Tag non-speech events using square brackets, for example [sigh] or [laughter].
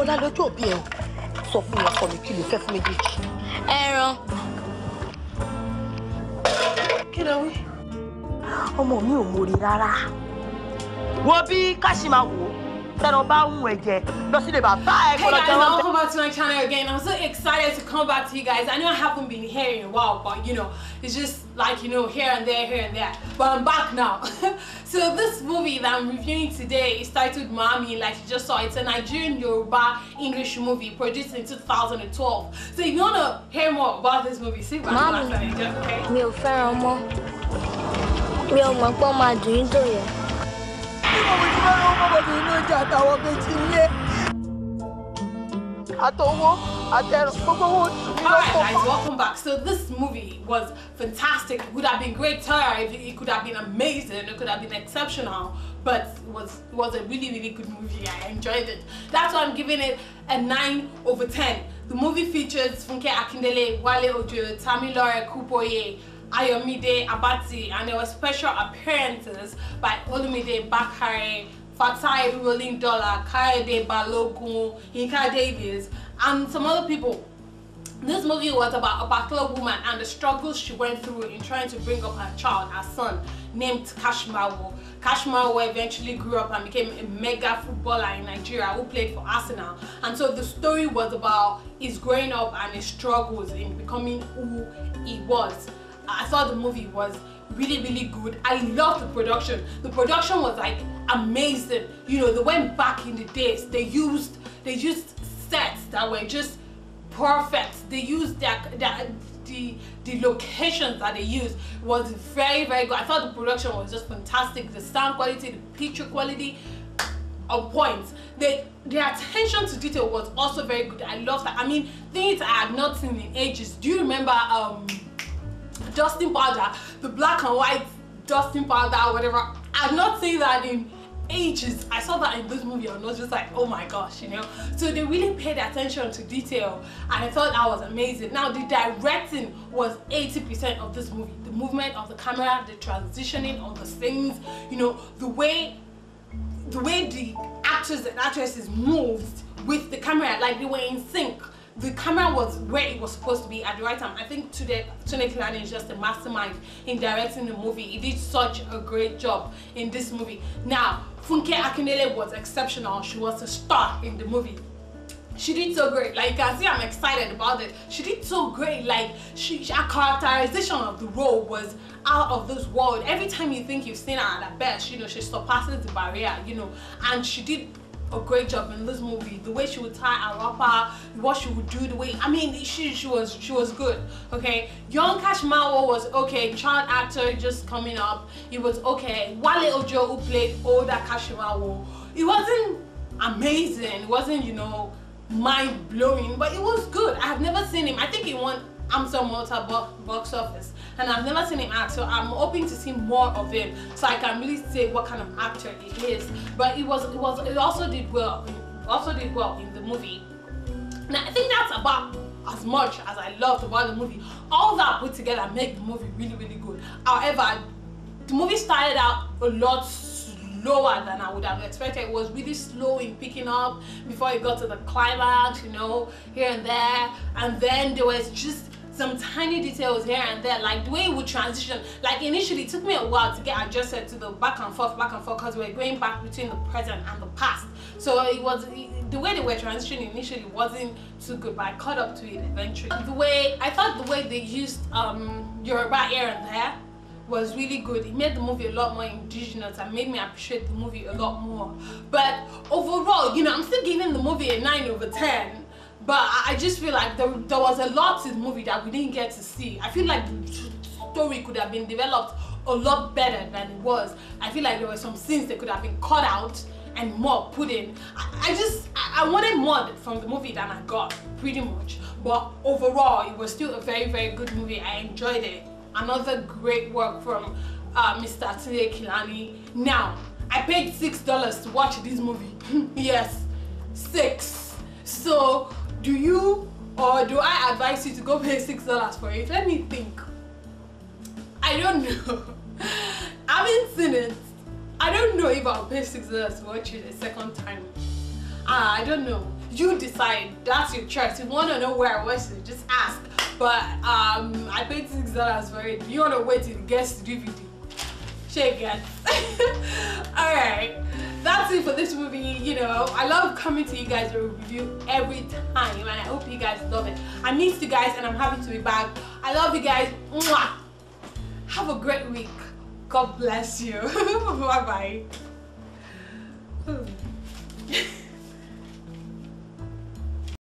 ọ̀la lọ́jọ́ òbí ẹ̀ sọ fún mi ọkọ mi kí ló fẹ́ fún méjèèjì. ẹran. kí ló wí. ọmọ mi ò mórí rárá. wo bí ká ṣì máa wò ó Hey guys, welcome back to my channel again. I'm so excited to come back to you guys. I know I haven't been here in a while, but you know, it's just like, you know, here and there, here and there. But I'm back now. [laughs] so this movie that I'm reviewing today is titled Mommy. like you just saw. It's a Nigerian Yoruba English movie produced in 2012. So if you want to hear more about this movie, see what I'm saying, okay? Mi ò méjì Guys, welcome back. So this movie was fantastic. It would have been greater. It, it could have been amazing. It could have been exceptional. But it was it was a really really good movie. I enjoyed it. That's why I'm giving it a nine over ten. The movie features Funke Akindele, Wale Ojo, Tamilore Kupoye, Ayomide Abati, and there were special appearances by Olumide Bakare, Fatai Rolling Dollar, Kayode Balogun, Inka Davies, and some other people. This movie was about a bachelor woman and the struggles she went through in trying to bring up her child, her son, named Kashmawo. Kashmawo eventually grew up and became a mega footballer in Nigeria who played for Arsenal. And so the story was about his growing up and his struggles in becoming who he was. I thought the movie was really really good. I loved the production. The production was like amazing. You know, they went back in the days. They used they used sets that were just perfect. They used that that the the locations that they used was very very good. I thought the production was just fantastic. The sound quality, the picture quality, on point. The the attention to detail was also very good. I loved that. I mean, things I had not seen in ages. Do you remember um dusting powder, the black and white dusting powder, whatever. I've not seen that in ages. I saw that in this movie and I was just like, oh my gosh, you know. So they really paid attention to detail and I thought that was amazing. Now the directing was 80% of this movie. The movement of the camera, the transitioning of the scenes, you know, the way the way the actors and actresses moved with the camera, like they were in sync the camera was where it was supposed to be at the right time. I think today Tony Lanning is just a mastermind in directing the movie. He did such a great job in this movie. Now, Funke Akinele was exceptional. She was a star in the movie. She did so great. Like you can see, I'm excited about it. She did so great. Like she, her characterization of the role was out of this world. Every time you think you've seen her at her best, you know, she surpasses the barrier, you know, and she did a great job in this movie. The way she would tie a wrapper, what she would do, the way I mean, she she was she was good. Okay, Young Kashmawa was okay. Child actor just coming up, it was okay. Wale Ojo who played older Kashmawa, it wasn't amazing. It wasn't you know mind blowing, but it was good. I have never seen him. I think he won Amstel Malta box office and I've never seen him act so I'm hoping to see more of him so I can really say what kind of actor he is but it was it was it also did well also did well in the movie now I think that's about as much as I loved about the movie all that put together make the movie really really good however the movie started out a lot slower than I would have expected. It was really slow in picking up before it got to the climax, you know, here and there. And then there was just some tiny details here and there like the way it would transition like initially it took me a while to get adjusted to the back and forth back and forth because we are going back between the present and the past so it was the way they were transitioning initially wasn't too good but I caught up to it eventually the way I thought the way they used um right here and there was really good. It made the movie a lot more indigenous and made me appreciate the movie a lot more. But overall, you know, I'm still giving the movie a 9 over 10 but I, just feel like there, there was a lot in the movie that we didn't get to see. I feel like the story could have been developed a lot better than it was. I feel like there were some scenes that could have been cut out and more put in. I, I just, I, I wanted more from the movie than I got, pretty much. But overall, it was still a very, very good movie. I enjoyed it. Another great work from uh, Mr. Atile Kilani. Now, I paid $6 to watch this movie. [laughs] yes, six. So do you or do I advise you to go pay six dollars for it? Let me think. I don't know. [laughs] I haven't seen it. I don't know if I'll pay six dollars to watch it a second time. Ah, I don't know. You decide. That's your choice. If you want to know where I watched it, just ask. But um, I paid six dollars for it. You want to wait till it gets to DVD? Check it. All right for this movie, you know. I love coming to you guys a review every time and I hope you guys love it. I miss you guys and I'm happy to be back. I love you guys. Mwah! Have a great week. God bless you. [laughs] Bye-bye.